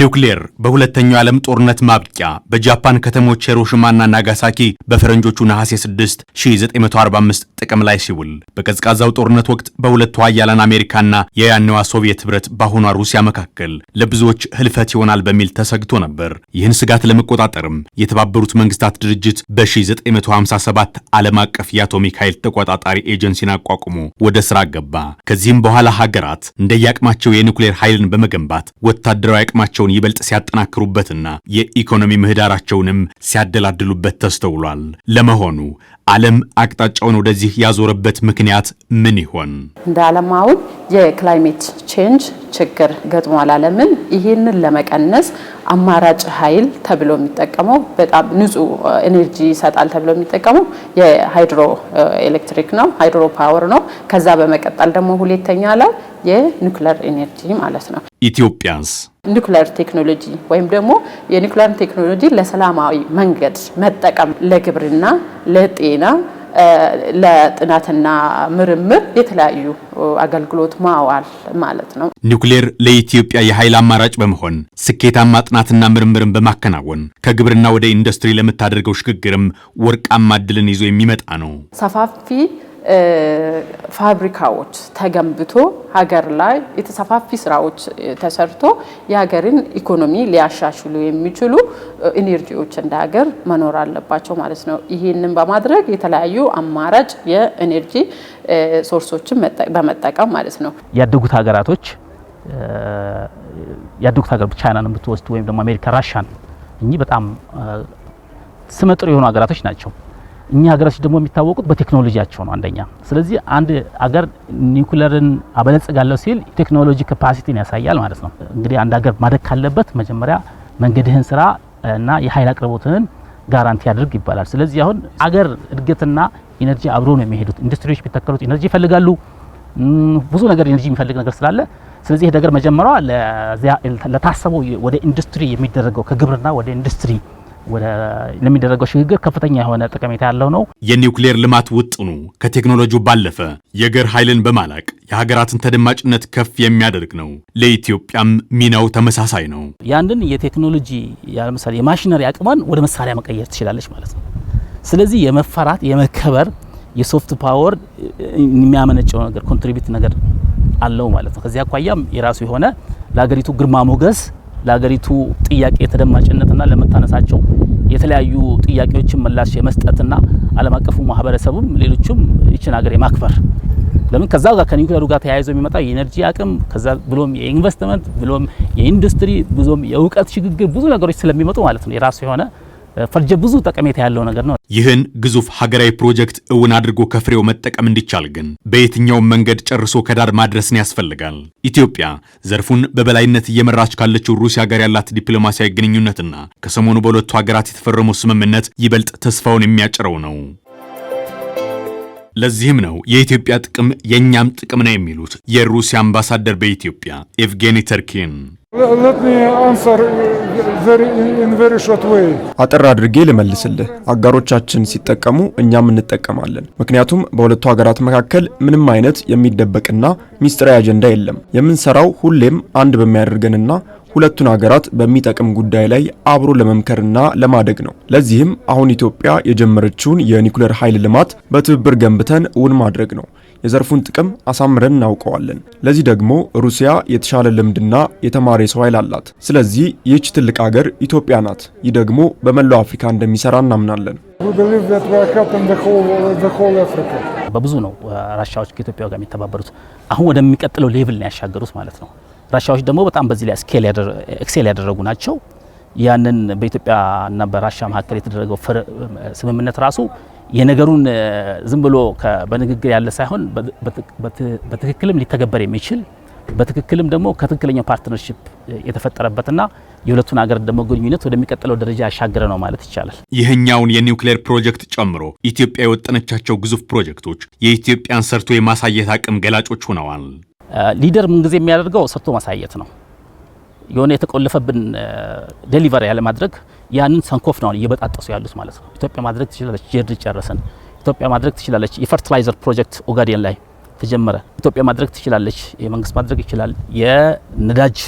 ኒውክሌር በሁለተኛው ዓለም ጦርነት ማብቂያ በጃፓን ከተሞች ሄሮሽማና ናጋሳኪ በፈረንጆቹ ነሐሴ 6 1945 ጥቅም ላይ ሲውል በቀዝቃዛው ጦርነት ወቅት በሁለቱ ኃያላን አሜሪካና የያኔዋ ሶቪየት ኅብረት በአሁኗ ሩሲያ መካከል ለብዙዎች ህልፈት ይሆናል በሚል ተሰግቶ ነበር። ይህን ስጋት ለመቆጣጠርም የተባበሩት መንግስታት ድርጅት በ1957 ዓለም አቀፍ የአቶሚክ ኃይል ተቆጣጣሪ ኤጀንሲን አቋቁሞ ወደ ሥራ ገባ። ከዚህም በኋላ ሀገራት እንደየአቅማቸው የኒውክሌር ኃይልን በመገንባት ወታደራዊ አቅማቸው አቋማቸውን ይበልጥ ሲያጠናክሩበትና የኢኮኖሚ ምህዳራቸውንም ሲያደላድሉበት ተስተውሏል። ለመሆኑ ዓለም አቅጣጫውን ወደዚህ ያዞረበት ምክንያት ምን ይሆን? እንደ ዓለም አሁን የክላይሜት ቼንጅ ችግር ገጥሟል ዓለምን። ይህንን ለመቀነስ አማራጭ ኃይል ተብሎ የሚጠቀመው በጣም ንጹህ ኤነርጂ ይሰጣል ተብሎ የሚጠቀመው የሃይድሮ ኤሌክትሪክ ነው፣ ሃይድሮ ፓወር ነው። ከዛ በመቀጠል ደግሞ ሁለተኛ ላይ የኒኩለር ኤነርጂ ማለት ነው። ኢትዮጵያንስ ኒኩሊር ቴክኖሎጂ ወይም ደግሞ የኒኩሊር ቴክኖሎጂ ለሰላማዊ መንገድ መጠቀም ለግብርና፣ ለጤና፣ ለጥናትና ምርምር የተለያዩ አገልግሎት ማዋል ማለት ነው። ኒውክሌር ለኢትዮጵያ የኃይል አማራጭ በመሆን ስኬታማ ጥናትና ምርምርን በማከናወን ከግብርና ወደ ኢንዱስትሪ ለምታደርገው ሽግግርም ወርቃማ እድልን ይዞ የሚመጣ ነው። ሰፋፊ ፋብሪካዎች ተገንብቶ ሀገር ላይ የተሰፋፊ ስራዎች ተሰርቶ የሀገርን ኢኮኖሚ ሊያሻሽሉ የሚችሉ ኢነርጂዎች እንደ ሀገር መኖር አለባቸው ማለት ነው። ይህንን በማድረግ የተለያዩ አማራጭ የኢነርጂ ሶርሶችን በመጠቀም ማለት ነው። ያደጉት ሀገራቶች ያደጉት ሀገር ቻይናን የምትወስድ ወይም ደግሞ አሜሪካ፣ ራሻን እኚህ በጣም ስመጥሩ የሆኑ ሀገራቶች ናቸው። እኛ ሀገራችን ደግሞ የሚታወቁት በቴክኖሎጂያቸው ነው አንደኛ። ስለዚህ አንድ አገር ኒውክለርን አበለጽጋለሁ ሲል ቴክኖሎጂ ካፓሲቲን ያሳያል ማለት ነው። እንግዲህ አንድ ሀገር ማደግ ካለበት መጀመሪያ መንገድህን ስራ እና የኃይል አቅርቦትህን ጋራንቲ አድርግ ይባላል። ስለዚህ አሁን አገር እድገትና ኢነርጂ አብሮ ነው የሚሄዱት። ኢንዱስትሪዎች ቢተከሉት ኢነርጂ ይፈልጋሉ። ብዙ ነገር ኢነርጂ የሚፈልግ ነገር ስላለ ስለዚህ ይሄ ነገር መጀመሪያ ለታሰበው ወደ ኢንዱስትሪ የሚደረገው ከግብርና ወደ ኢንዱስትሪ ለሚደረገው ሽግግር ከፍተኛ የሆነ ጠቀሜታ ያለው ነው። የኒውክሌር ልማት ውጥኑ ከቴክኖሎጂው ባለፈ የገር ኃይልን በማላቅ የሀገራትን ተደማጭነት ከፍ የሚያደርግ ነው። ለኢትዮጵያም ሚናው ተመሳሳይ ነው። ያንድን የቴክኖሎጂ ለምሳሌ የማሽነሪ አቅሟን ወደ መሳሪያ መቀየር ትችላለች ማለት ነው። ስለዚህ የመፈራት የመከበር የሶፍት ፓወር የሚያመነጨው ነገር ኮንትሪቢዩት ነገር አለው ማለት ነው። ከዚህ አኳያም የራሱ የሆነ ለሀገሪቱ ግርማ ሞገስ ለሀገሪቱ ጥያቄ ተደማጭነትና ለመታነሳቸው የተለያዩ ጥያቄዎችን ምላሽ የመስጠትና ዓለም አቀፉ ማህበረሰቡም ሌሎችም ይችን ሀገር የማክበር ለምን ከዛ ጋር ከኒውክሌሩ ጋር ተያይዞ የሚመጣ የኤነርጂ አቅም ከዛ ብሎም የኢንቨስትመንት ብሎም የኢንዱስትሪ ብዙም የእውቀት ሽግግር ብዙ ነገሮች ስለሚመጡ ማለት ነው የራሱ የሆነ ፈርጀ ብዙ ጠቀሜታ ያለው ነገር ነው። ይህን ግዙፍ ሀገራዊ ፕሮጀክት እውን አድርጎ ከፍሬው መጠቀም እንዲቻል ግን በየትኛውም መንገድ ጨርሶ ከዳር ማድረስን ያስፈልጋል። ኢትዮጵያ ዘርፉን በበላይነት እየመራች ካለችው ሩሲያ ጋር ያላት ዲፕሎማሲያዊ ግንኙነትና ከሰሞኑ በሁለቱ ሀገራት የተፈረመው ስምምነት ይበልጥ ተስፋውን የሚያጭረው ነው። ለዚህም ነው የኢትዮጵያ ጥቅም የእኛም ጥቅም ነው የሚሉት የሩሲያ አምባሳደር በኢትዮጵያ ኤቭጌኒ ተርኪን አጠር አድርጌ ልመልስልህ፣ አጋሮቻችን ሲጠቀሙ እኛም እንጠቀማለን። ምክንያቱም በሁለቱ ሀገራት መካከል ምንም አይነት የሚደበቅና ሚስጥራዊ አጀንዳ የለም። የምንሰራው ሁሌም አንድ በሚያደርገንና ሁለቱን ሀገራት በሚጠቅም ጉዳይ ላይ አብሮ ለመምከርና ለማደግ ነው። ለዚህም አሁን ኢትዮጵያ የጀመረችውን የኒኩሌር ኃይል ልማት በትብብር ገንብተን እውን ማድረግ ነው። የዘርፉን ጥቅም አሳምረን እናውቀዋለን። ለዚህ ደግሞ ሩሲያ የተሻለ ልምድና የተማረ ሰው ኃይል አላት። ስለዚህ ይህች ትልቅ ሀገር ኢትዮጵያ ናት። ይህ ደግሞ በመላው አፍሪካ እንደሚሰራ እናምናለን። በብዙ ነው ራሻዎች ከኢትዮጵያ ጋር የሚተባበሩት። አሁን ወደሚቀጥለው ሌቭል ነው ያሻገሩት ማለት ነው። ራሻዎች ደግሞ በጣም በዚህ ላይ ኤክሴል ያደረጉ ናቸው። ያንን በኢትዮጵያና በራሻ መካከል የተደረገው ስምምነት ራሱ የነገሩን ዝም ብሎ በንግግር ያለ ሳይሆን በትክክልም ሊተገበር የሚችል በትክክልም ደግሞ ከትክክለኛው ፓርትነርሽፕ የተፈጠረበትና የሁለቱን ሀገር ደግሞ ግንኙነት ወደሚቀጥለው ደረጃ ያሻገረ ነው ማለት ይቻላል። ይህኛውን የኒውክሌር ፕሮጀክት ጨምሮ ኢትዮጵያ የወጠነቻቸው ግዙፍ ፕሮጀክቶች የኢትዮጵያን ሰርቶ የማሳየት አቅም ገላጮች ሆነዋል። ሊደር ምንጊዜ የሚያደርገው ሰርቶ ማሳየት ነው። የሆነ የተቆለፈብን ዴሊቨሪ ያለማድረግ ያንን ሰንኮፍ ነው እየበጣጠሱ ያሉት ማለት ነው። ኢትዮጵያ ማድረግ ትችላለች። ጀርድ ጨረሰን። ኢትዮጵያ ማድረግ ትችላለች። የፈርትላይዘር ፕሮጀክት ኦጋዴን ላይ ተጀመረ። ኢትዮጵያ ማድረግ ትችላለች። የመንግስት ማድረግ ይችላል። የነዳጅ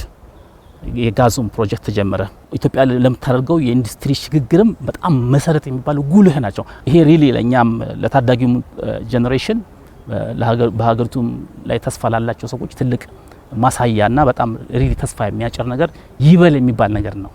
የጋዙም ፕሮጀክት ተጀመረ። ኢትዮጵያ ለምታደርገው የኢንዱስትሪ ሽግግርም በጣም መሰረት የሚባሉ ጉልህ ናቸው። ይሄ ሪሊ ለእኛም ለታዳጊው ጀኔሬሽን በሀገሪቱም ላይ ተስፋ ላላቸው ሰዎች ትልቅ ማሳያና በጣም ሪሊ ተስፋ የሚያጭር ነገር ይበል የሚባል ነገር ነው።